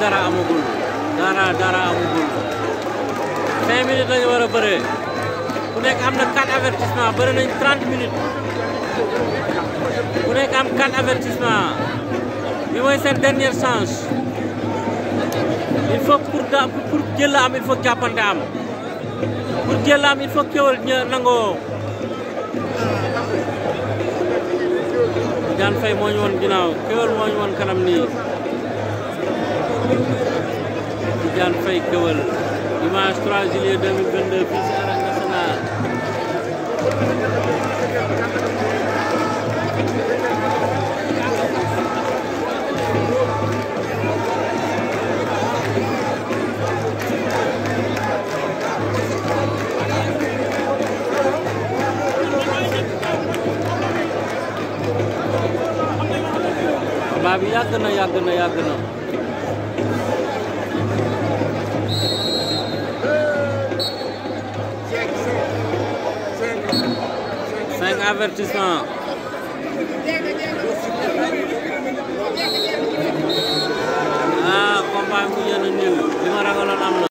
dara amagul dara dara amagul cinq minutes lañu war a bëree ku nekk am na quatre avertissement bëri nañ trente minutes ku nekk am quatre avertissement bi mooy seen dernière chance il faut pour da pour jël am il faut jàppante am pour jël am il faut kéwal ña nangoo Tidiane Faye moo ñu woon ginnaaw kéwal kanam nii Tidiane Faye Keweul dimanche 3 juillet 2022 fii ci arène nationale combat bi yàgg na yàgg na yàgg na cinq avertissement ah combat bi mujj na nul li ma ragaloon am na